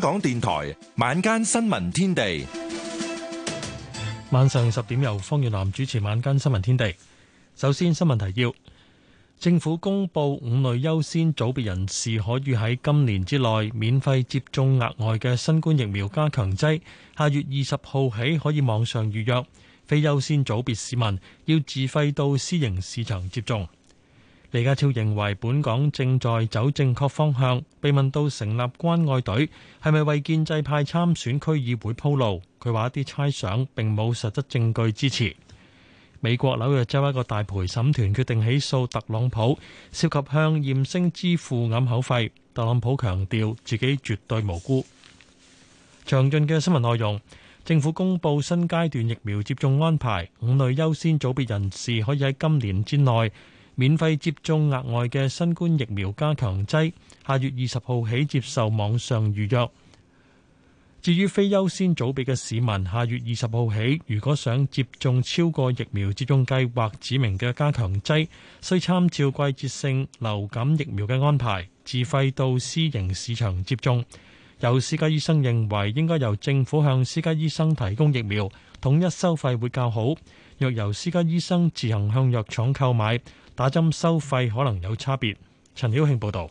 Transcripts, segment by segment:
香港電台晚間新聞天地，晚上十點由方月南主持。晚間新聞天地，首先新聞提要：政府公布五類優先組別人士可以喺今年之內免費接種額外嘅新冠疫苗加強劑，下月二十號起可以網上預約。非優先組別市民要自費到私營市場接種。李家超認為本港正在走正確方向。被問到成立關愛隊係咪為建制派參選區議會鋪路，佢話一啲猜想並冇實質證據支持。美國紐約州一個大陪審團決定起訴特朗普，涉及向艷星支付掩口費。特朗普強調自己絕對無辜。詳盡嘅新聞內容，政府公佈新階段疫苗接種安排，五類優先組別人士可以喺今年之內。免費接種額外嘅新冠疫苗加強劑，下月二十號起接受網上預約。至於非優先組別嘅市民，下月二十號起，如果想接種超過疫苗接種計劃指明嘅加強劑，需參照季節性流感疫苗嘅安排，自費到私營市場接種。有私家醫生認為，應該由政府向私家醫生提供疫苗，統一收費會較好。若由私家醫生自行向藥廠購買，打針收費可能有差別。陳曉慶報導。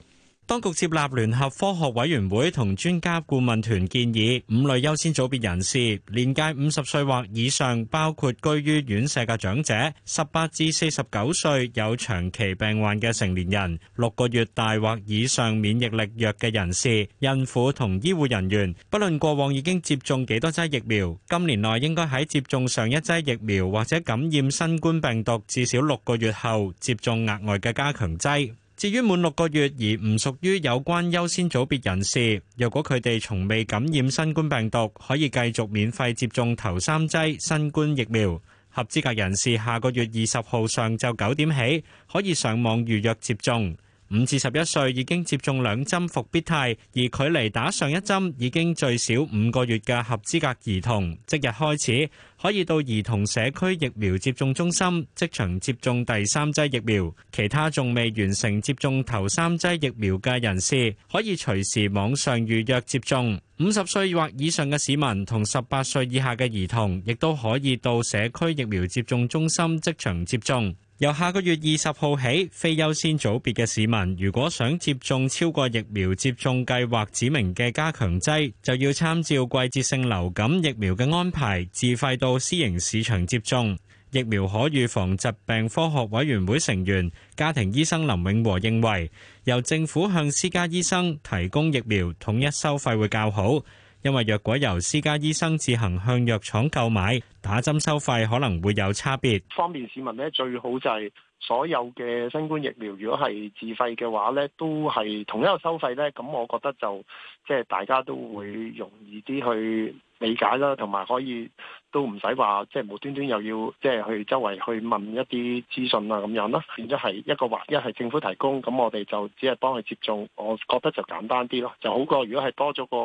當局接納聯合科學委員會同專家顧問團建議，五類優先組別人士：年屆五十歲或以上，包括居於院舍嘅長者；十八至四十九歲，有長期病患嘅成年人；六個月大或以上免疫力弱嘅人士；孕婦同醫護人員。不論過往已經接種幾多劑疫苗，今年內應該喺接種上一劑疫苗或者感染新冠病毒至少六個月後，接種額外嘅加強劑。50至49至於滿六個月而唔屬於有關優先組別人士，若果佢哋從未感染新冠病毒，可以繼續免費接種頭三劑新冠疫苗。合資格人士下個月二十號上晝九點起可以上網預約接種。五至十一歲已經接種兩針復必泰，而距離打上一針已經最少五個月嘅合資格兒童，即日開始可以到兒童社區疫苗接種中心即場接種第三劑疫苗。其他仲未完成接種頭三劑疫苗嘅人士，可以隨時網上預約接種。五十歲或以上嘅市民同十八歲以下嘅兒童，亦都可以到社區疫苗接種中心即場接種。由下個月二十號起，非優先組別嘅市民如果想接種超過疫苗接種計劃指明嘅加強劑，就要參照季節性流感疫苗嘅安排，自費到私營市場接種。疫苗可預防疾病科學委員會成員、家庭醫生林永和認為，由政府向私家醫生提供疫苗，統一收費會較好。因為若果由私家醫生自行向藥廠購買，打針收費可能會有差別。方便市民咧，最好就係所有嘅新冠疫苗，如果係自費嘅話咧，都係同一個收費咧，咁我覺得就即係大家都會容易啲去理解啦，同埋可以。都唔使話，即係無端端又要即係去周圍去問一啲資訊啊咁樣咯，然之後係一個一係政府提供，咁我哋就只係幫佢接種，我覺得就簡單啲咯，就好過如果係多咗個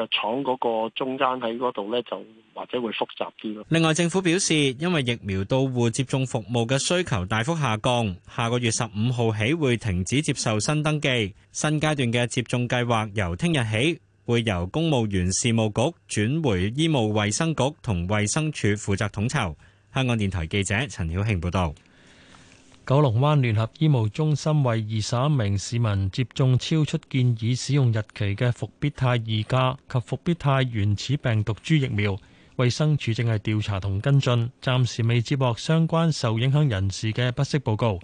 藥廠嗰個中間喺嗰度咧，就或者會複雜啲咯。另外，政府表示，因為疫苗到戶接種服務嘅需求大幅下降，下個月十五號起會停止接受新登記，新階段嘅接種計劃由聽日起，會由公務員事務局轉回醫務衛生局同衛生署負責統籌。香港電台記者陳曉慶報道，九龍灣聯合醫務中心為二十一名市民接種超出建議使用日期嘅復必泰二價及復必泰原始病毒株疫苗，衛生署正係調查同跟進，暫時未接獲相關受影響人士嘅不適報告。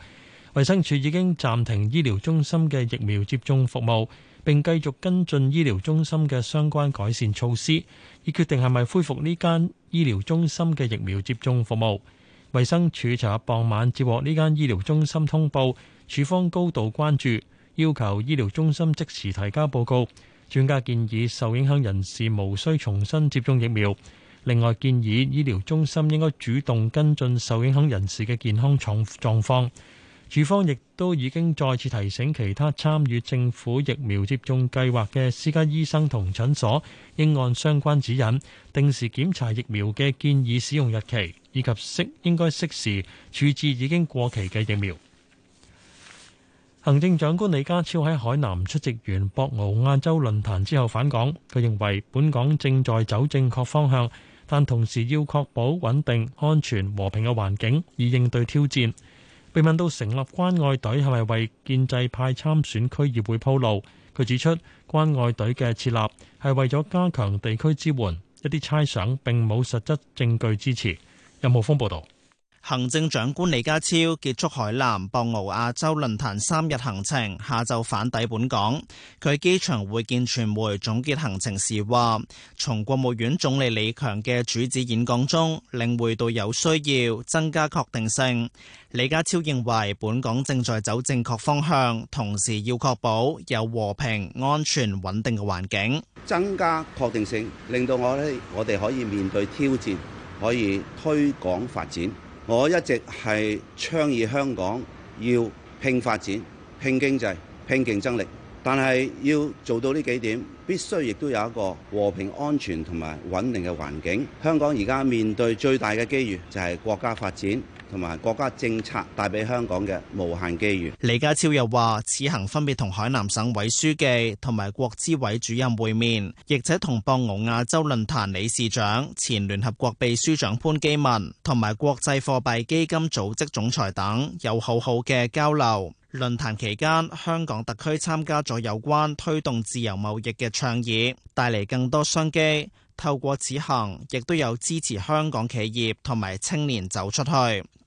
衛生署已經暫停醫療中心嘅疫苗接種服務。並繼續跟進醫療中心嘅相關改善措施，以決定係咪恢復呢間醫療中心嘅疫苗接種服務。衞生署昨日傍晚接獲呢間醫療中心通報，署方高度關注，要求醫療中心即時提交報告。專家建議受影響人士無需重新接種疫苗，另外建議醫療中心應該主動跟進受影響人士嘅健康狀狀況。署方亦都已經再次提醒其他參與政府疫苗接種計劃嘅私家醫生同診所，應按相關指引，定時檢查疫苗嘅建議使用日期，以及應該適時處置已經過期嘅疫苗。行政長官李家超喺海南出席完博鰲亞洲論壇之後返港，佢認為本港正在走正確方向，但同時要確保穩定、安全、和平嘅環境，以應對挑戰。被問到成立關愛隊係咪為建制派參選區議會鋪路，佢指出關愛隊嘅設立係為咗加強地區支援，一啲猜想並冇實質證據支持。任浩峯報導。行政長官李家超結束海南博鰲亞洲論壇三日行程，下晝返抵本港。佢機場會見傳媒總結行程時話：從國務院總理李強嘅主旨演講中領會到有需要增加確定性。李家超認為本港正在走正確方向，同時要確保有和平、安全、穩定嘅環境，增加確定性，令到我哋我哋可以面對挑戰，可以推廣發展。我一直係倡議香港要拼發展、拼經濟、拼競爭力，但係要做到呢幾點，必須亦都有一個和平、安全同埋穩定嘅環境。香港而家面對最大嘅機遇就係國家發展。同埋國家政策帶俾香港嘅無限機遇。李家超又話：此行分別同海南省委書記同埋國資委主任會面，亦且同博鰲亞洲論壇理事長、前聯合國秘書長潘基文同埋國際貨幣基金組織總裁等有好好嘅交流。論壇期間，香港特區參加咗有關推動自由貿易嘅倡議，帶嚟更多商機。透過此行，亦都有支持香港企業同埋青年走出去。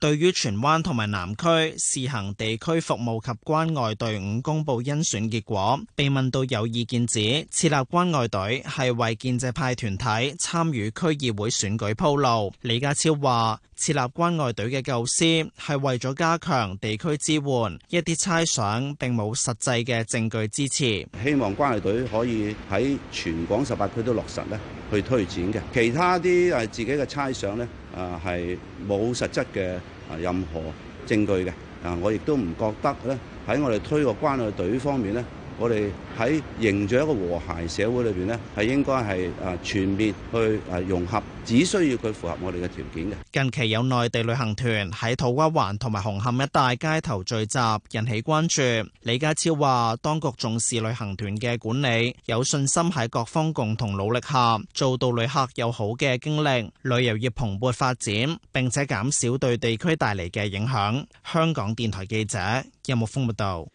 對於荃灣同埋南區試行地區服務及關愛隊伍，公布甄選結果。被問到有意見指設立關愛隊係為建制派團體參與區議會選舉鋪路，李家超話：設立關愛隊嘅構思係為咗加強地區支援，一啲猜想並冇實際嘅證據支持。希望關愛隊可以喺全港十八區都落實咧，去。推展嘅，其他啲誒自己嘅猜想咧，啊，係冇實質嘅啊，任何證據嘅，啊，我亦都唔覺得咧，喺我哋推個關愛隊方面咧。我哋喺營造一個和諧社會裏邊咧，係應該，係誒全面去誒融合，只需要佢符合我哋嘅條件嘅。近期有內地旅行團喺土瓜灣同埋紅磡一帶街頭聚集，引起關注。李家超話當局重視旅行團嘅管理，有信心喺各方共同努力下，做到旅客有好嘅經歷，旅遊業蓬勃發展，並且減少對地區帶嚟嘅影響。香港電台記者任木豐報道。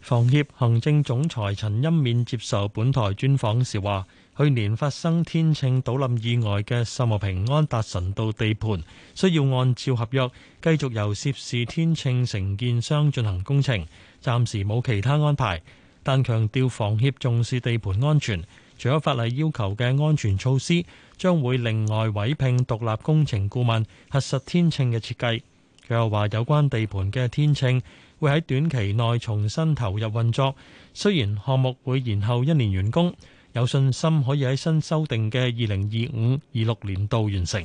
房協行政總裁陳欽勉接受本台專訪時話：去年發生天秤倒冧意外嘅秀茂坪安達臣道地盤，需要按照合約繼續由涉事天秤承建商進行工程，暫時冇其他安排。但強調房協重視地盤安全，除咗法例要求嘅安全措施，將會另外委聘獨立工程顧問核實天秤嘅設計。佢又話：有關地盤嘅天秤，會喺短期內重新投入運作，雖然項目會延後一年完工，有信心可以喺新修訂嘅二零二五二六年度完成。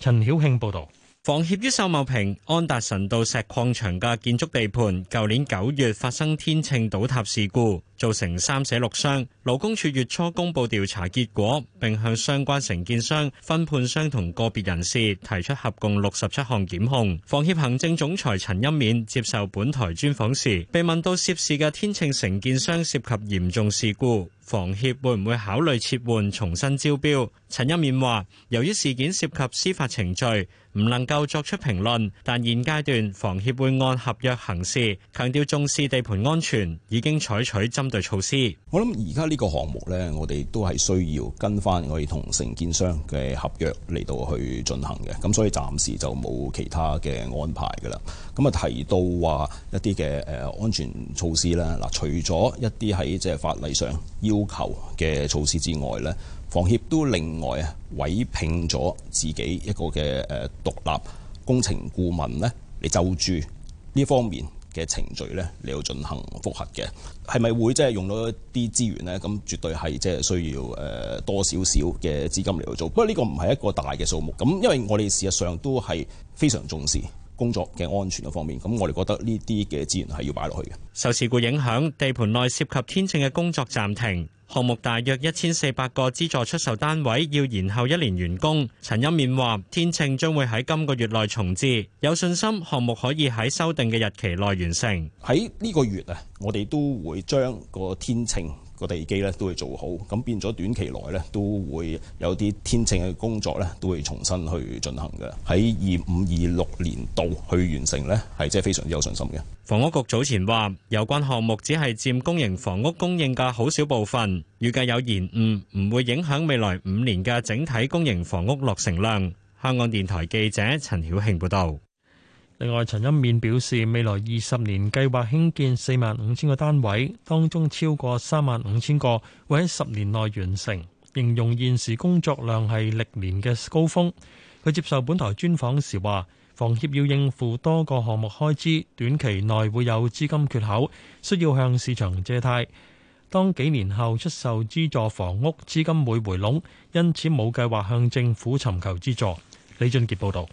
陳曉慶報道。房協於秀茂坪安達臣道石礦場嘅建築地盤，舊年九月發生天秤倒塌事故。造成三死六傷，勞工處月初公布調查結果，並向相關承建商、分判商同個別人士提出合共六十七項檢控。房協行政總裁陳欽勉接受本台專訪時，被問到涉事嘅天秤承建商涉及嚴重事故，房協會唔會考慮撤換、重新招標？陳欽勉話：由於事件涉及司法程序，唔能夠作出評論，但現階段房協會按合約行事，強調重視地盤安全，已經採取針。應對措施，我諗而家呢個項目呢，我哋都係需要跟翻我哋同承建商嘅合約嚟到去進行嘅，咁所以暫時就冇其他嘅安排噶啦。咁啊提到話一啲嘅誒安全措施啦，嗱，除咗一啲喺即係法例上要求嘅措施之外呢，房協都另外啊委聘咗自己一個嘅誒獨立工程顧問呢嚟就住呢方面。嘅程序咧，嚟到進行複核嘅，係咪會即係用到一啲資源呢，咁絕對係即係需要誒多少少嘅資金嚟到做。不過呢個唔係一個大嘅數目。咁因為我哋事實上都係非常重視工作嘅安全嗰方面。咁我哋覺得呢啲嘅資源係要擺落去嘅。受事故影響，地盤內涉及天秤嘅工作暫停。項目大約一千四百個資助出售單位要延後一年完工。陳欣勉話：天秤將會喺今個月內重置，有信心項目可以喺修訂嘅日期內完成。喺呢個月啊，我哋都會將個天秤。個地基咧都會做好，咁變咗短期內咧都會有啲天秤嘅工作咧都會重新去進行嘅，喺二五二六年度去完成，呢係即係非常之有信心嘅。房屋局早前話，有關項目只係佔公營房屋供應嘅好少部分，預計有延誤唔會影響未來五年嘅整體公營房屋落成量。香港電台記者陳曉慶報道。另外，陳一面表示，未來二十年計劃興建四萬五千個單位，當中超過三萬五千個會喺十年內完成，形容現時工作量係歷年嘅高峰。佢接受本台專訪時話，房協要應付多個項目開支，短期內會有資金缺口，需要向市場借貸。當幾年後出售資助房屋，資金會回籠，因此冇計劃向政府尋求資助。李俊傑報道。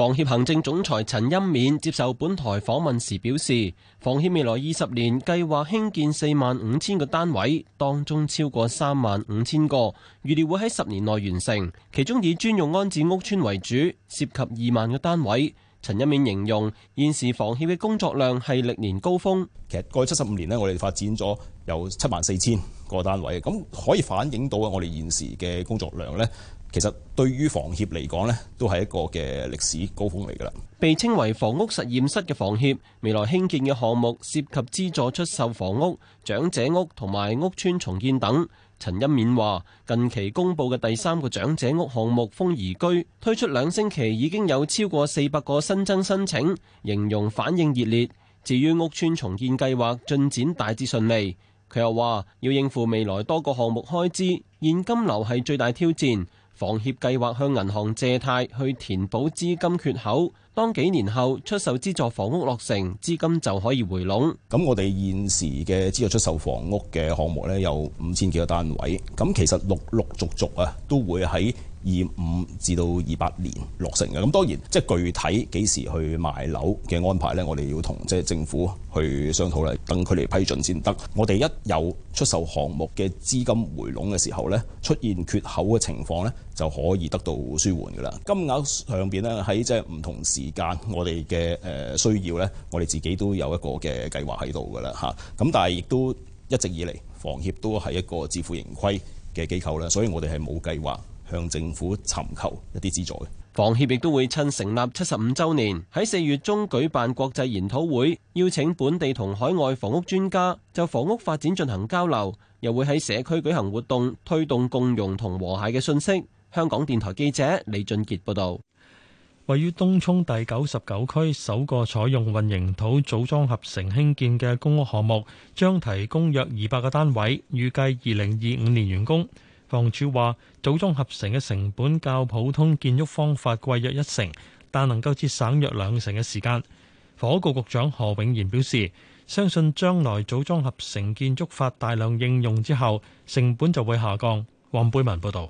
房協行政總裁陳欣勉接受本台訪問時表示，房協未來二十年計劃興建四萬五千個單位，當中超過三萬五千個預料會喺十年內完成，其中以專用安置屋邨為主，涉及二萬個單位。陳欣勉形容現時房協嘅工作量係歷年高峰。其實過去七十五年呢，我哋發展咗有七萬四千個單位，咁可以反映到啊，我哋現時嘅工作量呢。其實對於房協嚟講呢都係一個嘅歷史高峰嚟㗎啦。被稱為房屋實驗室嘅房協，未來興建嘅項目涉及資助出售房屋、長者屋同埋屋邨重建等。陳欽勉話：近期公佈嘅第三個長者屋項目豐頤居推出兩星期已經有超過四百個新增申請，形容反應熱烈。至於屋邨重建計劃進展大致順利，佢又話要應付未來多個項目開支，現金流係最大挑戰。房協計劃向銀行借貸去填補資金缺口，當幾年後出售資助房屋落成，資金就可以回籠。咁我哋現時嘅資助出售房屋嘅項目呢，有五千幾個單位。咁其實陸陸續續啊，都會喺二五至到二八年落成嘅。咁當然，即係具體幾時去賣樓嘅安排呢，我哋要同即係政府去商討啦，等佢哋批准先得。我哋一有出售項目嘅資金回籠嘅時候呢，出現缺口嘅情況呢，就可以得到舒緩㗎啦。金額上邊呢，喺即係唔同時間，我哋嘅誒需要呢，我哋自己都有一個嘅計劃喺度㗎啦。嚇，咁但係亦都一直以嚟，房協都係一個自負盈虧嘅機構啦，所以我哋係冇計劃向政府尋求一啲資助嘅。房協亦都會趁成立七十五週年喺四月中舉辦國際研討會，邀請本地同海外房屋專家就房屋發展進行交流，又會喺社區舉行活動，推動共融同和，和諧嘅訊息。香港電台記者李俊杰報道，位於東涌第九十九區首個採用混凝土組裝合成興建嘅公屋項目，將提供約二百個單位，預計二零二五年完工。房署話，組裝合成嘅成本較普通建築方法貴約一成，但能夠節省約兩成嘅時間。房屋局局長何永賢表示，相信將來組裝合成建築法大量應用之後，成本就會下降。黃貝文報道。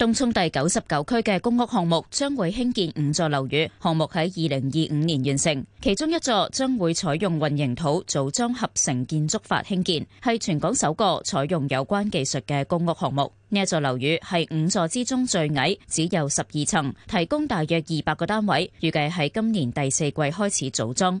東涌第九十九區嘅公屋項目將會興建五座樓宇，項目喺二零二五年完成。其中一座將會採用混凝土組裝合成建築法興建，係全港首個採用有關技術嘅公屋項目。呢一座樓宇係五座之中最矮，只有十二層，提供大約二百個單位，預計喺今年第四季開始組裝。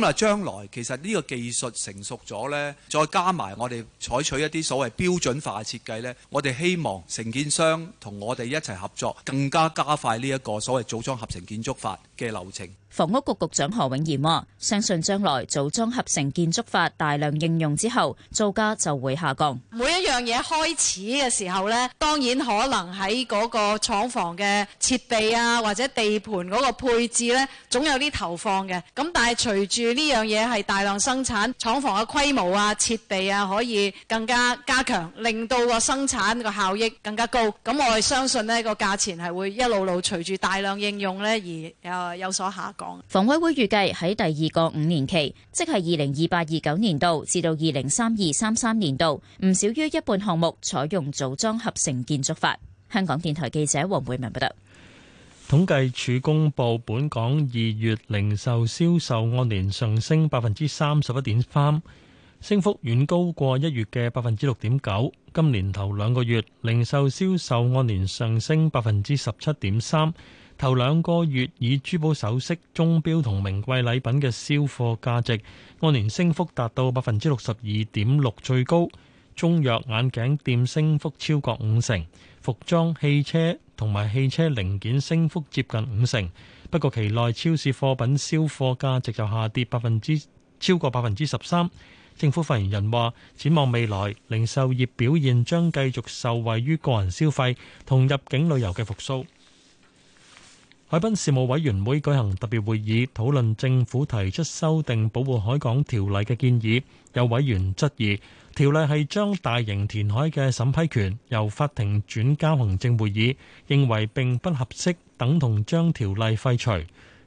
咁啊，將來其實呢個技術成熟咗咧，再加埋我哋採取一啲所謂標準化嘅設計咧，我哋希望承建商同我哋一齊合作，更加加快呢一個所謂組裝合成建築法嘅流程。房屋局局長何永賢話，相信將來組裝合成建築法大量應用之後，造價就會下降。每一樣嘢開始嘅時候呢，當然可能喺嗰個廠房嘅設備啊，或者地盤嗰個配置呢，總有啲投放嘅。咁但係隨住呢樣嘢係大量生產，廠房嘅規模啊、設備啊可以更加加強，令到個生產個效益更加高。咁我哋相信呢，個價錢係會一路路隨住大量應用呢而啊有所下。房委會預計喺第二個五年期，即係二零二八二九年度至到二零三二三三年度，唔少於一半項目採用組裝合成建築法。香港電台記者黃惠文報道。統計處公佈本港二月零售銷售按年上升百分之三十一點三，升幅遠高過一月嘅百分之六點九。今年頭兩個月零售銷售按年上升百分之十七點三。頭兩個月以珠寶首飾、鐘錶同名貴禮品嘅銷貨價值按年升幅達到百分之六十二點六，最高，中藥、眼鏡店升幅超過五成，服裝、汽車同埋汽車零件升幅接近五成。不過，期內超市貨品銷貨價值就下跌百分之超過百分之十三。政府發言人話：展望未來，零售業表現將繼續受惠於個人消費同入境旅遊嘅復甦。海濱事務委員會舉行特別會議討論政府提出修訂保護海港條例嘅建議，有委員質疑條例係將大型填海嘅審批權由法庭轉交行政會議，認為並不合適，等同將條例廢除。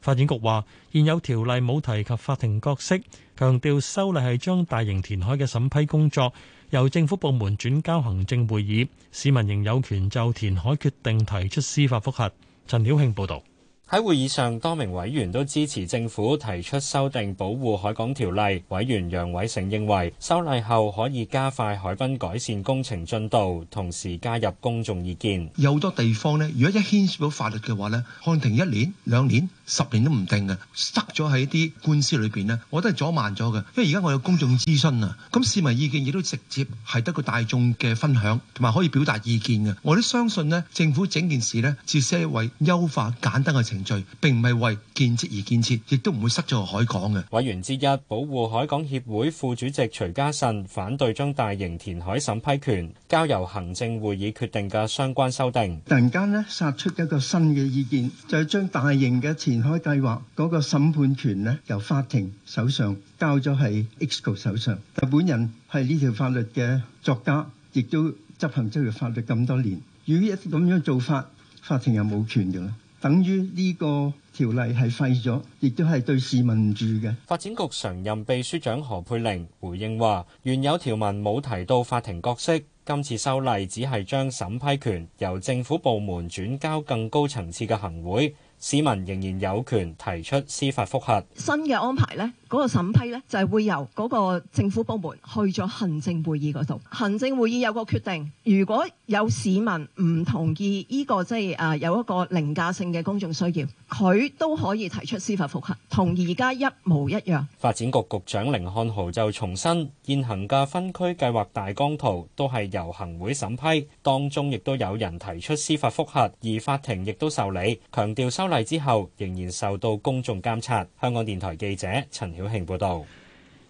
發展局話現有條例冇提及法庭角色，強調修例係將大型填海嘅審批工作由政府部門轉交行政會議，市民仍有權就填海決定提出司法覆核。陳曉慶報導。喺會議上，多名委員都支持政府提出修訂保護海港條例。委員楊偉成認為，修例後可以加快海濱改善工程進度，同時加入公眾意見。有好多地方咧，如果一牽涉到法律嘅話咧，看庭一年、兩年、十年都唔定啊，塞咗喺啲官司裏邊咧，我都係阻慢咗嘅。因為而家我有公眾諮詢啊，咁市民意見亦都直接係得個大眾嘅分享，同埋可以表達意見嘅。我都相信咧，政府整件事咧，至少係為優化簡單嘅。程序並唔係為建設而建設，亦都唔會塞咗海港嘅。委員之一、保護海港協會副主席徐嘉慎反對將大型填海審批權交由行政會議決定嘅相關修訂。突然間呢，殺出一個新嘅意見，就係將大型嘅填海計劃嗰個審判權呢，由法庭手上交咗喺 Exco 手上。我本人係呢條法律嘅作家，亦都執行呢條法律咁多年。如果一啲咁樣做法，法庭又冇權嘅咧。等於呢個條例係廢咗，亦都係對市民唔住嘅。發展局常任秘書長何佩玲回應話：原有條文冇提到法庭角色，今次修例只係將審批權由政府部門轉交更高層次嘅行會，市民仍然有權提出司法覆核。新嘅安排呢，嗰個審批呢，就係會由嗰個政府部門去咗行政會議嗰度。行政會議有個決定，如果有市民唔同意呢個即係啊有一個凌駕性嘅公眾需要，佢都可以提出司法覆核，同而家一模一樣。發展局局長甯漢豪就重申，現行嘅分區計劃大綱圖都係由行會審批，當中亦都有人提出司法覆核，而法庭亦都受理。強調修例之後，仍然受到公眾監察。香港電台記者陳曉永慶報道，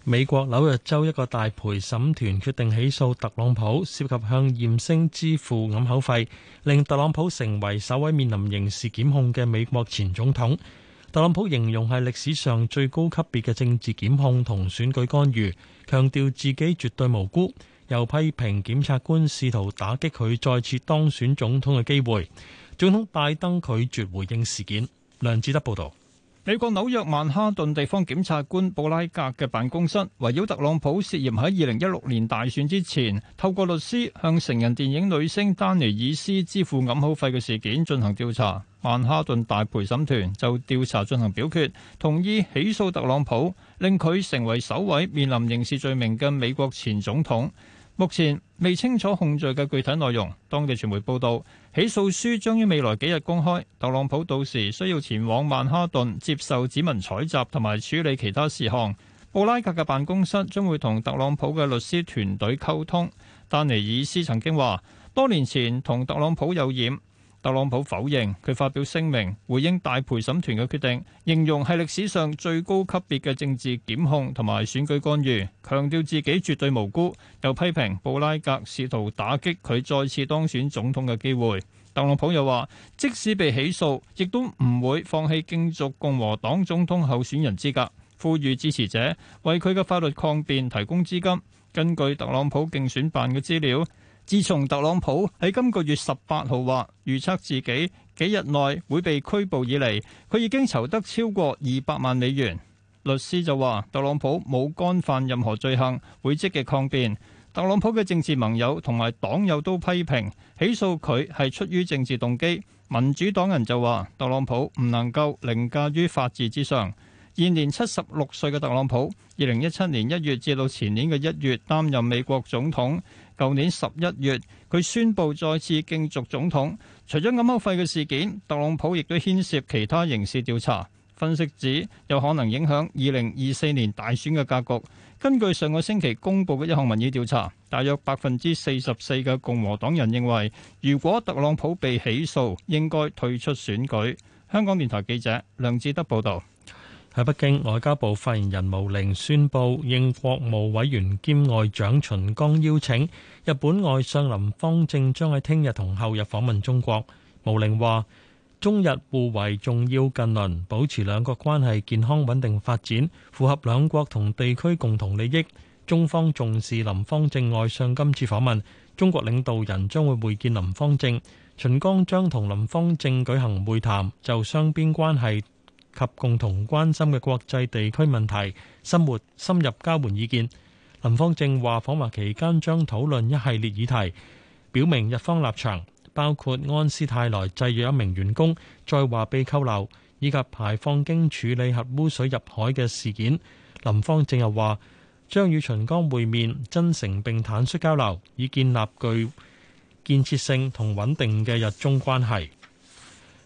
美國紐約州一個大陪審團決定起訴特朗普，涉及向艷星支付暗口費，令特朗普成為首位面臨刑事檢控嘅美國前總統。特朗普形容係歷史上最高級別嘅政治檢控同選舉干預，強調自己絕對無辜，又批評檢察官試圖打擊佢再次當選總統嘅機會。總統拜登拒絕回應事件。梁志德報道。美國紐約曼哈頓地方檢察官布拉格嘅辦公室，圍繞特朗普涉嫌喺二零一六年大選之前，透過律師向成人電影女星丹尼爾斯支付掩口費嘅事件進行調查。曼哈頓大陪審團就調查進行表決，同意起訴特朗普，令佢成為首位面臨刑事罪名嘅美國前總統。目前未清楚控罪嘅具體內容。當地傳媒報道，起訴書將於未來幾日公開，特朗普到時需要前往曼哈頓接受指紋採集同埋處理其他事項，布拉格嘅辦公室將會同特朗普嘅律師團隊溝通。丹尼爾斯曾經話多年前同特朗普有染。特朗普否認，佢發表聲明回應大陪審團嘅決定，形容係歷史上最高級別嘅政治檢控同埋選舉干預，強調自己絕對無辜，又批評布拉格試圖打擊佢再次當選總統嘅機會。特朗普又話，即使被起訴，亦都唔會放棄競逐共和黨總統候選人資格，呼籲支持者為佢嘅法律抗辯提供資金。根據特朗普競選辦嘅資料。自從特朗普喺今個月十八號話預測自己幾日內會被拘捕以嚟，佢已經籌得超過二百萬美元。律師就話：特朗普冇干犯任何罪行，會積極抗辯。特朗普嘅政治盟友同埋黨友都批評起訴佢係出於政治動機。民主黨人就話：特朗普唔能夠凌駕於法治之上。現年七十六歲嘅特朗普，二零一七年一月至到前年嘅一月擔任美國總統。舊年十一月，佢宣布再次競逐總統。除咗掩口費嘅事件，特朗普亦都牽涉其他刑事調查。分析指有可能影響二零二四年大選嘅格局。根據上個星期公布嘅一項民意調查，大約百分之四十四嘅共和黨人認為，如果特朗普被起訴，應該退出選舉。香港電台記者梁志德報道。喺北京，外交部發言人毛寧宣布，應國務委員兼外長秦剛邀請，日本外相林芳正將喺聽日同後日訪問中國。毛寧話：中日互為重要近鄰，保持兩國關係健康穩定發展，符合兩國同地區共同利益。中方重視林芳正外相今次訪問，中國領導人將會會見林芳正，秦剛將同林芳正舉行會談，就雙邊關係及共同關心嘅國際地區問題，深活深入交換意見。林芳正話：訪華期間將討論一系列議題，表明日方立場，包括安斯泰來製藥一名員工在華被扣留，以及排放經處理核污水入海嘅事件。林芳正又話：將與秦剛會面，真誠並坦率交流，以建立具建設性同穩定嘅日中關係。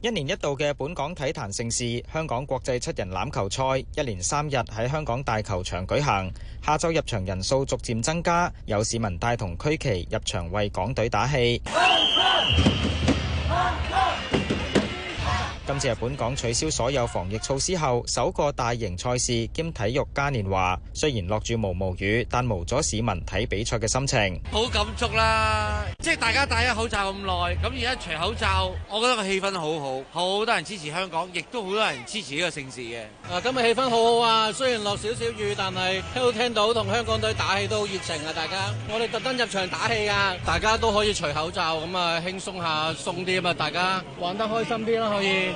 一年一度嘅本港體壇盛事——香港國際七人欖球賽，一連三日喺香港大球場舉行。下晝入場人數逐漸增加，有市民帶同區旗入場為港隊打氣。啊啊啊今次係本港取消所有防疫措施後首個大型賽事兼體育嘉年華，雖然落住毛毛雨，但無阻市民睇比賽嘅心情，好感觸啦！即係大家戴咗口罩咁耐，咁而家除口罩，我覺得個氣氛好好，好多人支持香港，亦都好多人支持呢個盛事嘅。啊，今日氣氛好好啊！雖然落少少雨，但係都聽到同香港隊打氣都好熱情啊！大家，我哋特登入場打氣㗎，啊，大家都可以除口罩咁啊，輕鬆下，鬆啲啊嘛，大家玩得開心啲啦，啊，可以。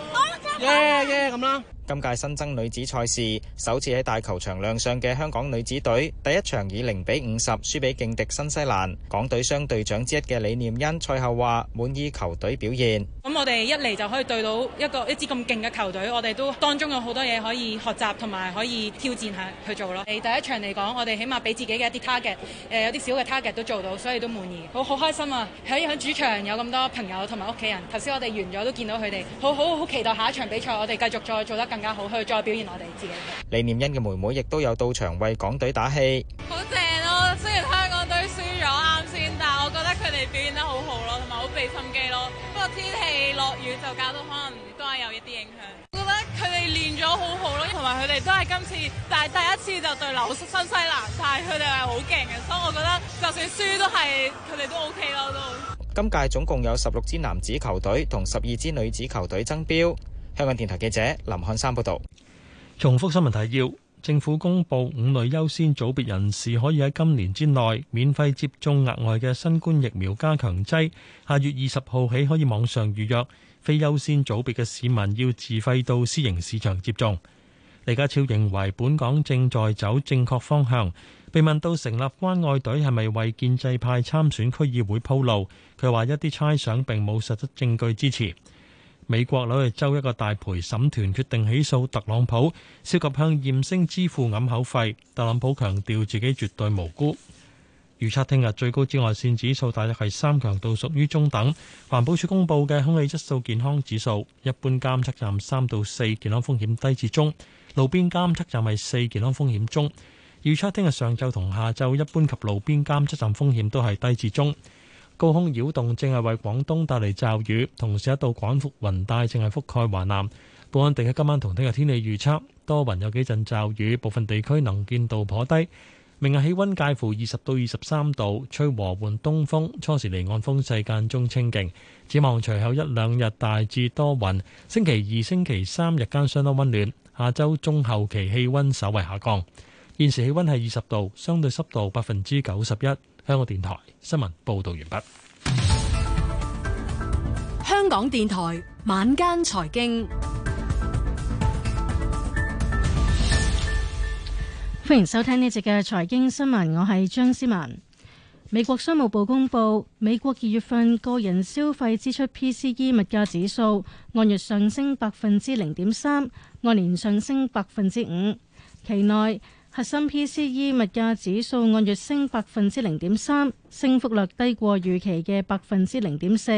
耶耶，咁啦。今屆新增女子賽事，首次喺大球場亮相嘅香港女子隊，第一場以零比五十輸俾勁敵新西蘭。港隊雙隊長之一嘅李念恩賽後話：滿意球隊表現。咁我哋一嚟就可以對到一個一支咁勁嘅球隊，我哋都當中有好多嘢可以學習，同埋可以挑戰下去做咯。喺第一場嚟講，我哋起碼俾自己嘅一啲 target，誒有啲小嘅 target 都做到，所以都滿意。好好開心啊！喺喺主場有咁多朋友同埋屋企人，頭先我哋完咗都見到佢哋，好好好期待下一場比賽，我哋繼續再做得更更加好去再表現我哋自己。李念恩嘅妹妹亦都有到場為港隊打氣，好正咯。雖然香港隊輸咗啱先，但係我覺得佢哋表現得好好咯，同埋好俾心機咯。不過天氣落雨就搞到可能都係有一啲影響。我覺得佢哋練咗好好咯，同埋佢哋都係今次但係第一次就對流新西蘭，但係佢哋係好勁嘅，所以我覺得就算輸都係佢哋都 OK 咯。都今屆總共有十六支男子球隊同十二支女子球隊爭標。香港電台記者林漢山報道。重複新聞提要：政府公布五類優先組別人士可以喺今年之內免費接種額外嘅新冠疫苗加強劑，下月二十號起可以網上預約。非優先組別嘅市民要自費到私營市場接種。李家超認為本港正在走正確方向。被問到成立關愛隊係咪為建制派參選區議會鋪路，佢話一啲猜想並冇實質證據支持。美國紐約州一個大陪審團決定起訴特朗普，涉及向艷星支付掩口費。特朗普強調自己絕對無辜。預測聽日最高紫外線指數大約係三強度，屬於中等。環保署公布嘅空氣質素健康指數，一般監測站三到四，健康風險低至中；路邊監測站係四，健康風險中。預測聽日上晝同下晝，一般及路邊監測站風險都係低至中。高空擾動正係為廣東帶嚟驟雨，同時一道廣幅雲帶正係覆蓋華南。本港地區今晚同聽日天氣預測，多雲，有幾陣驟雨，部分地區能見度頗低。明日氣温介乎二十到二十三度，吹和緩東風，初時離岸風勢間中清勁。展望隨後一兩日大致多雲，星期二、星期三日間相當温暖，下週中後期氣温稍為下降。現時氣温係二十度，相對濕度百分之九十一。香港電台新聞報道完畢。香港電台晚間財經，歡迎收聽呢集嘅財經新聞，我係張思文。美國商務部公布，美國二月份個人消費支出 PCE 物價指數按月上升百分之零點三，按年上升百分之五，期內，核心 PCE 物價指數按月升百分之零點三，升幅略低過預期嘅百分之零點四；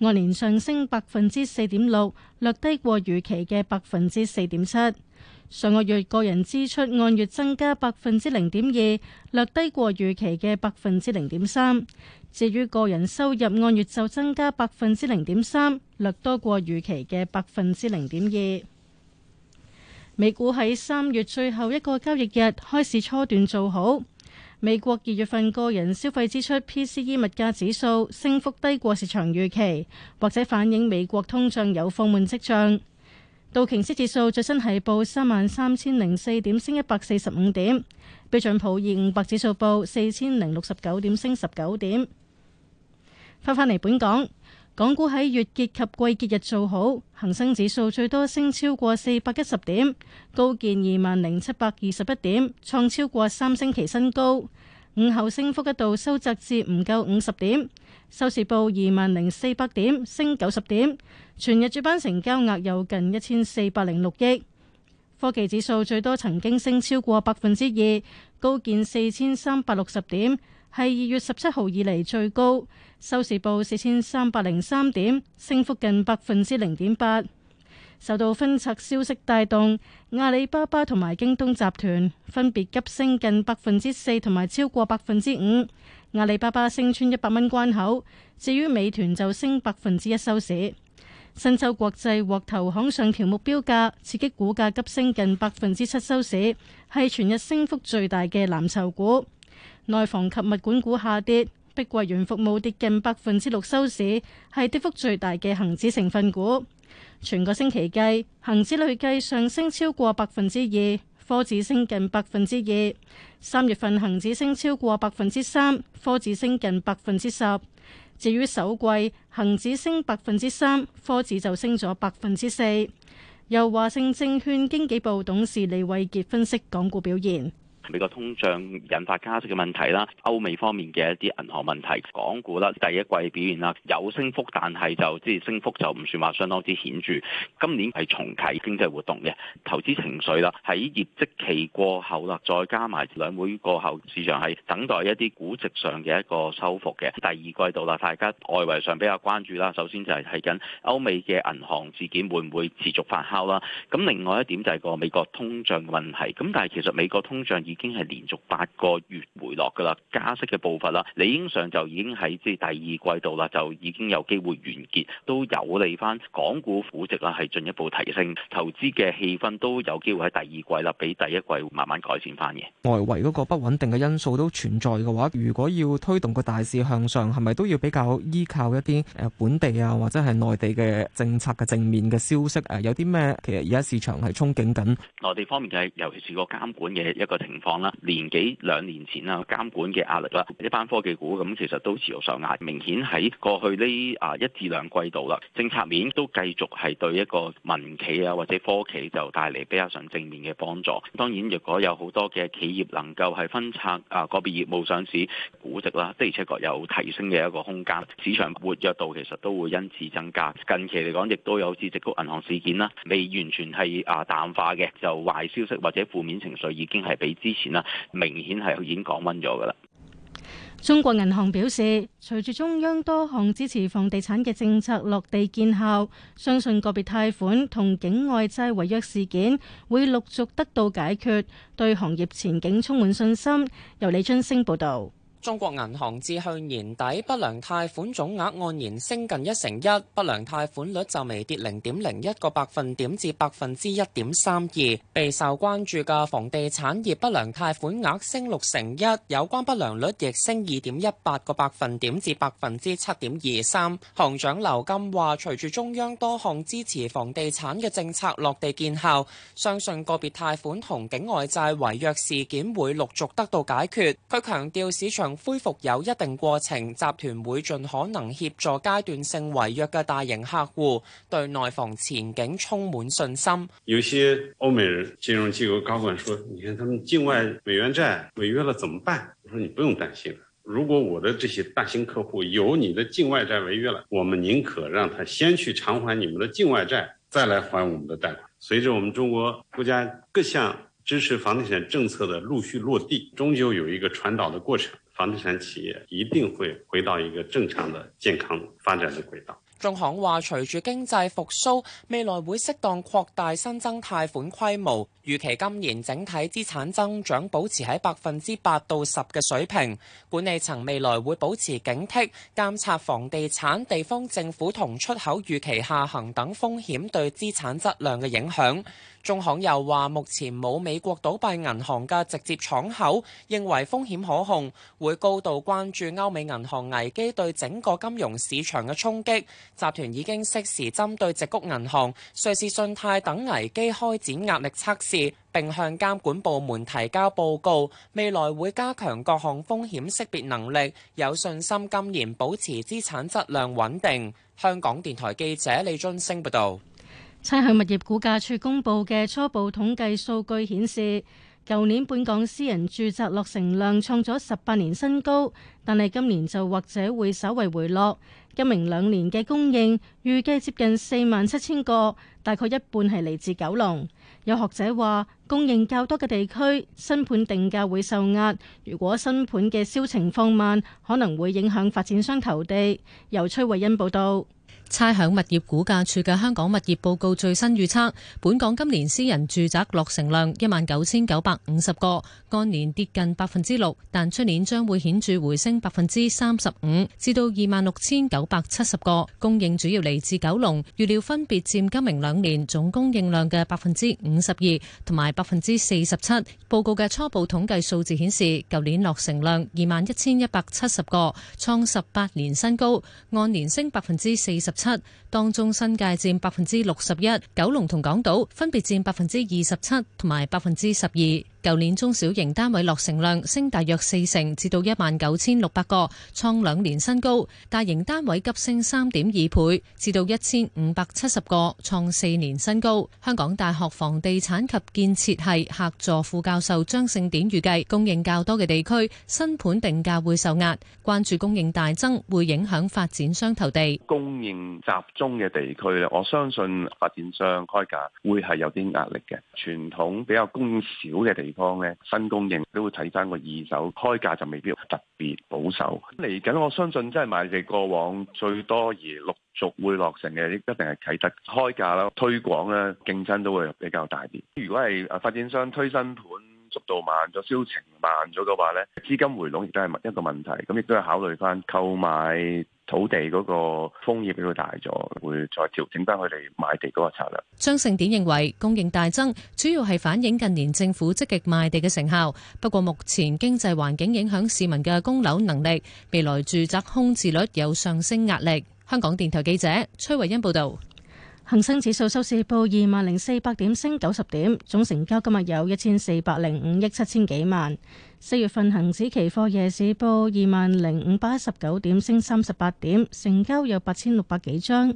按年上升百分之四點六，略低過預期嘅百分之四點七。上個月個人支出按月增加百分之零點二，略低過預期嘅百分之零點三。至於個人收入按月就增加百分之零點三，略多過預期嘅百分之零點二。美股喺三月最後一個交易日開市初段做好。美國二月份個人消費支出 PCE 物價指數升幅低過市場預期，或者反映美國通脹有放緩跡象。道瓊斯指數最新係報三萬三千零四點，升一百四十五點。標準普爾五百指數報四千零六十九點，升十九點。翻返嚟本港。港股喺月結及季結日做好，恒生指數最多升超過四百一十點，高見二萬零七百二十一點，創超過三星期新高。午後升幅一度收窄至唔夠五十點，收市報二萬零四百點，升九十點。全日主板成交額有近一千四百零六億。科技指數最多曾經升超過百分之二，高見四千三百六十點。係二月十七號以嚟最高收市報四千三百零三點，升幅近百分之零點八。受到分拆消息帶動，阿里巴巴同埋京東集團分別急升近百分之四同埋超過百分之五。阿里巴巴升穿一百蚊關口，至於美團就升百分之一收市。申洲國際獲投行上調目標價，刺激股價急升近百分之七收市，係全日升幅最大嘅藍籌股。內房及物管股下跌，碧桂園服務跌近百分之六收市，係跌幅最大嘅恒指成分股。全個星期計，恒指累計上升超過百分之二，科指升近百分之二。三月份恒指升超過百分之三，科指升近百分之十。至於首季，恒指升百分之三，科指就升咗百分之四。由華盛證券經紀部董事李偉杰分析港股表現。美國通脹引發加息嘅問題啦，歐美方面嘅一啲銀行問題，港股啦第一季表現啦有升幅，但係就即係升幅就唔算話相當之顯著。今年係重啟經濟活動嘅投資情緒啦，喺業績期過後啦，再加埋兩會過後，市場係等待一啲估值上嘅一個收復嘅第二季度啦。大家外圍上比較關注啦，首先就係睇緊歐美嘅銀行事件會唔會持續發酵啦。咁另外一點就係個美國通脹嘅問題。咁但係其實美國通脹已已經係連續八個月回落㗎啦，加息嘅步伐啦，理應上就已經喺即係第二季度啦，就已經有機會完結，都有利翻港股估值啦，係進一步提升投資嘅氣氛都有機會喺第二季啦，比第一季慢慢改善翻嘅。外圍嗰個不穩定嘅因素都存在嘅話，如果要推動個大市向上，係咪都要比較依靠一啲誒本地啊，或者係內地嘅政策嘅正面嘅消息誒？有啲咩其實而家市場係憧憬緊內地方面嘅，尤其是個監管嘅一個情況。況啦，年幾兩年前啦，監管嘅壓力啦，一班科技股咁其實都持續受壓。明顯喺過去呢啊一至兩季度啦，政策面都繼續係對一個民企啊或者科企就帶嚟比較上正面嘅幫助。當然，若果有好多嘅企業能夠係分拆啊個別業務上市，估值啦，的而且確有提升嘅一個空間。市場活躍度其實都會因此增加。近期嚟講，亦都有好似矽谷銀行事件啦，未完全係啊淡化嘅，就壞消息或者負面情緒已經係比之前啦，明顯係已經降溫咗㗎喇。中國銀行表示，隨住中央多項支持房地產嘅政策落地見效，相信個別貸款同境外債違約事件會陸續得到解決，對行業前景充滿信心。由李春升報導。中國銀行至去年底不良貸款總額按年升近一成一，不良貸款率就微跌零點零一個百分點至百分之一點三二。備受關注嘅房地產業不良貸款額升六成一，有關不良率亦升二點一八個百分點至百分之七點二三。行長劉金話，隨住中央多項支持房地產嘅政策落地見效，相信個別貸款同境外債違約事件會陸續得到解決。佢強調市場。恢復有一定過程，集團會盡可能協助階段性違約嘅大型客戶，對內房前景充滿信心。有些歐美人金融機構高管說：你看他們境外美元債違約了怎麼辦？我說你不用擔心，如果我的這些大型客戶有你的境外債違約了，我們寧可讓他先去償還你們的境外債，再來還我們的貸款。隨着我們中國國家各項支持房地產政策的陸續落地，終究有一個傳導的過程。房地產企業一定會回到一個正常的健康發展的軌道。中行話，隨住經濟復甦，未來會適當擴大新增貸款規模，預期今年整體資產增長保持喺百分之八到十嘅水平。管理層未來會保持警惕，監察房地產、地方政府同出口預期下行等風險對資產質量嘅影響。中行又話，目前冇美國倒閉銀行嘅直接敞口，認為風險可控，會高度關注歐美銀行危機對整個金融市場嘅衝擊。集團已經適時針對矽谷銀行、瑞士信貸等危機開展壓力測試，並向監管部門提交報告。未來會加強各項風險識別能力，有信心今年保持資產質量穩定。香港電台記者李俊升報導。差餉物業估價署公布嘅初步統計數據顯示，舊年本港私人住宅落成量創咗十八年新高，但係今年就或者會稍為回落。今明兩年嘅供應預計接近四萬七千個，大概一半係嚟自九龍。有學者話，供應較多嘅地區新盤定價會受壓，如果新盤嘅銷情放慢，可能會影響發展商投地。由崔慧欣報道。差餉物業估價署嘅香港物業報告最新預測，本港今年私人住宅落成量一萬九千九百五十個，按年跌近百分之六，但出年將會顯著回升百分之三十五，至到二萬六千九百七十個。供應主要嚟自九龍，預料分別佔今明兩年總供應量嘅百分之五十二同埋百分之四十七。報告嘅初步統計數字顯示，舊年落成量二萬一千一百七十個，創十八年新高，按年升百分之四十。七當中，新界佔百分之六十一，九龍同港島分別佔百分之二十七同埋百分之十二。舊年中小型單位落成量升大約四成，至到一萬九千六百個，創兩年新高；大型單位急升三點二倍，至到一千五百七十個，創四年新高。香港大學房地產及建設系客座副教授張勝典預計，供應較多嘅地區新盤定價會受壓，關注供應大增會影響發展商投地。供應集中嘅地區咧，我相信發展商開價會係有啲壓力嘅。傳統比較供應少嘅地區，地方咧，新供應都會睇翻個二手開價，就未必特別保守。嚟緊我相信真係賣地過往最多而陸續會落成嘅一定係啟德，開價啦，推廣咧，競爭都會比較大啲。如果係發展商推新盤速度慢咗，銷情慢咗嘅話咧，資金回籠亦都係一個問題。咁亦都係考慮翻購買，土地嗰個風險比較大咗，會再調整翻佢哋買地嗰個策略。張盛典認為供應大增主要係反映近年政府積極賣地嘅成效，不過目前經濟環境影響市民嘅供樓能力，未來住宅空置率有上升壓力。香港電台記者崔慧欣報道。恒生指數收市報二萬零四百點，升九十點，總成交今日有一千四百零五億七千幾萬。四月份恆指期貨夜市報二萬零五百一十九點，升三十八點，成交有八千六百幾張。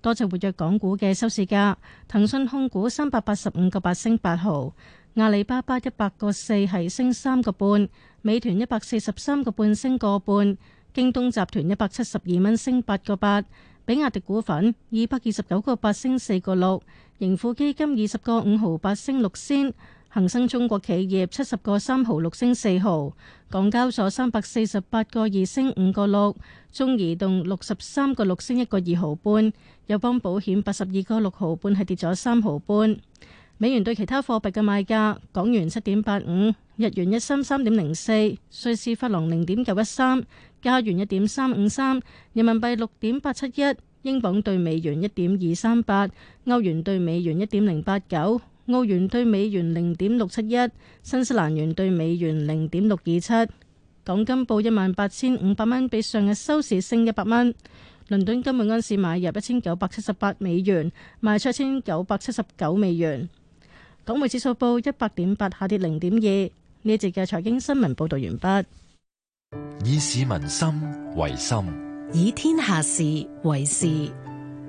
多隻活躍港股嘅收市價：騰訊控股三百八十五個八升八毫，阿里巴巴一百個四係升三個半，美團一百四十三個半升個半，京東集團一百七十二蚊升八個八，比亞迪股份二百二十九個八升四個六，盈富基金二十個五毫八升六仙。恒生中國企業七十個三毫六升四毫，港交所三百四十八個二升五個六，中移動六十三個六升一個二毫半，友邦保險八十二個六毫半係跌咗三毫半。美元對其他貨幣嘅賣價：港元七點八五，日元一三三點零四，瑞士法郎零點九一三，加元一點三五三，人民幣六點八七一，英鎊兌美元一點二三八，歐元兌美元一點零八九。澳元兌美元零點六七一，新西蘭元兌美元零點六二七，港金報一萬八千五百蚊，比上日收市升一百蚊。倫敦金每盎司買入一千九百七十八美元，賣出一千九百七十九美元。港匯指數報一百點八，下跌零點二。呢節嘅財經新聞報道完畢。以市民心為心，以天下事為事。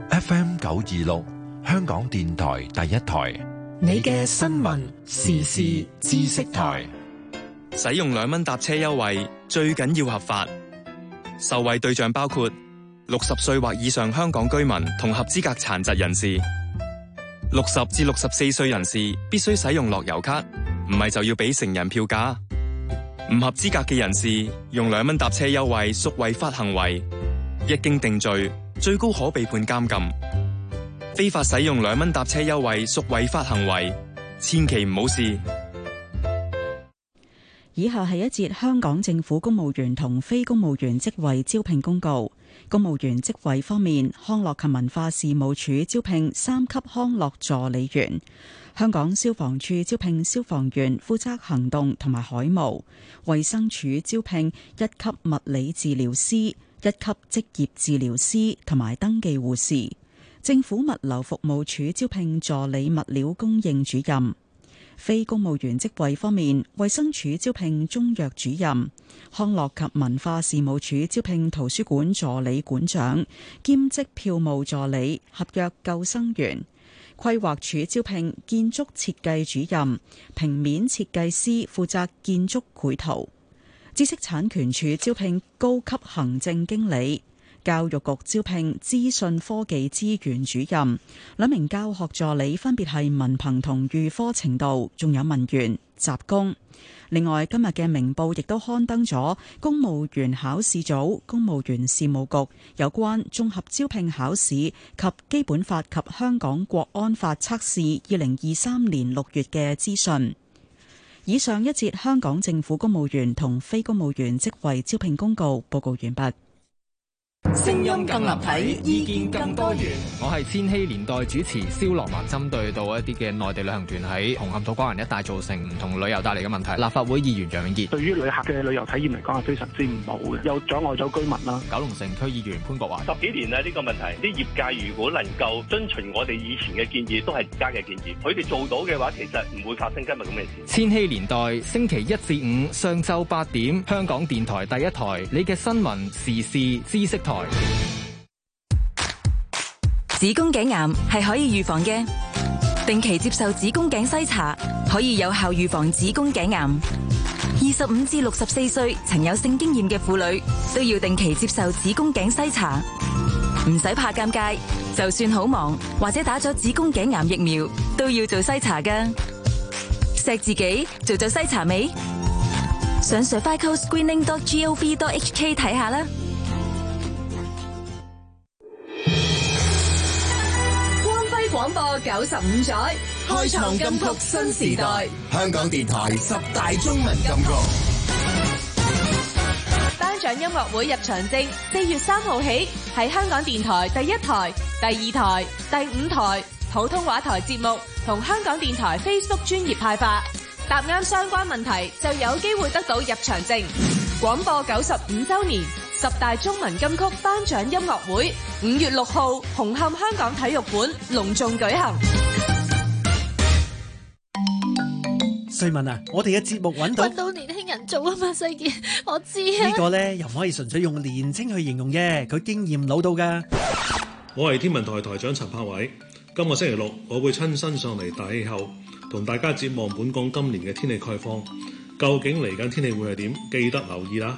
F.M. 九二六，香港電台第一台。你嘅新聞時事知識台，使用兩蚊搭車優惠最緊要合法，受惠對象包括六十歲或以上香港居民同合資格殘疾人士。六十至六十四歲人士必須使用樂悠卡，唔係就要俾成人票價。唔合資格嘅人士用兩蚊搭車優惠屬違法行為，一經定罪，最高可被判監禁。非法使用兩蚊搭車優惠屬違法行為，千祈唔好試。以下係一節香港政府公務員同非公務員職位招聘公告。公務員職位方面，康樂及文化事務署招聘三級康樂助理員；香港消防處招聘消防員，負責行動同埋海務；衛生署招聘一級物理治療師、一級職業治療師同埋登記護士。政府物流服務處招聘助理物料供應主任，非公務員職位方面，衛生署招聘中藥主任，康樂及文化事務署招聘圖書館助理館長，兼職票務助理，合約救生員，規劃署招聘建築設計主任，平面設計師負責建築繪圖，知識產權處招聘高級行政經理。教育局招聘資訊科技資源主任，兩名教學助理分別係文憑同預科程度，仲有文員、雜工。另外，今日嘅明報亦都刊登咗公務員考試組、公務員事務局有關綜合招聘考試及基本法及香港國安法測試二零二三年六月嘅資訊。以上一節香港政府公務員同非公務員職位招聘公告報告完畢。聲音更立體，意見更多元。我係千禧年代主持蕭樂華，針對到一啲嘅內地旅行團喺紅磡土瓜灣一帶造成唔同旅遊帶嚟嘅問題。立法會議員楊永杰：，對於旅客嘅旅遊體驗嚟講係非常之唔好嘅，又阻礙咗居民啦。九龍城區議員潘國華：，十幾年啦呢、這個問題，啲業界如果能夠遵循我哋以前嘅建議，都係而家嘅建議，佢哋做到嘅話，其實唔會發生今日咁嘅事。千禧年代星期一至五上晝八點，香港電台第一台，你嘅新聞時事知識台。子宮頸癌係可以預防嘅，定期接受子宮頸篩查可以有效預防子宮頸癌。二十五至六十四歲曾有性經驗嘅婦女都要定期接受子宮頸篩查，唔使怕尷尬。就算好忙或者打咗子宮頸癌疫苗，都要做篩查㗎。錫自己做咗篩查未？上 cervical screening dot gov dot hk 睇下啦。廣播九十五載，開創金曲新時代。香港電台十大中文金曲頒獎音樂會入場證，四月三號起喺香港電台第一台、第二台、第五台、普通話台節目同香港電台 Facebook 專業派發，答啱相關問題就有機會得到入場證。廣播九十五周年十大中文金曲頒獎音樂會五月六號紅磡香港體育館隆重舉行。瑞文啊，我哋嘅節目揾到。揾到年輕人做啊嘛，世傑，我知。呢個咧又唔可以純粹用年青去形容嘅，佢經驗老到噶。我係天文台台長陳柏偉，今個星期六我會親身上嚟大氣候，同大家展望本港今年嘅天氣概況，究竟嚟緊天氣會係點？記得留意啦。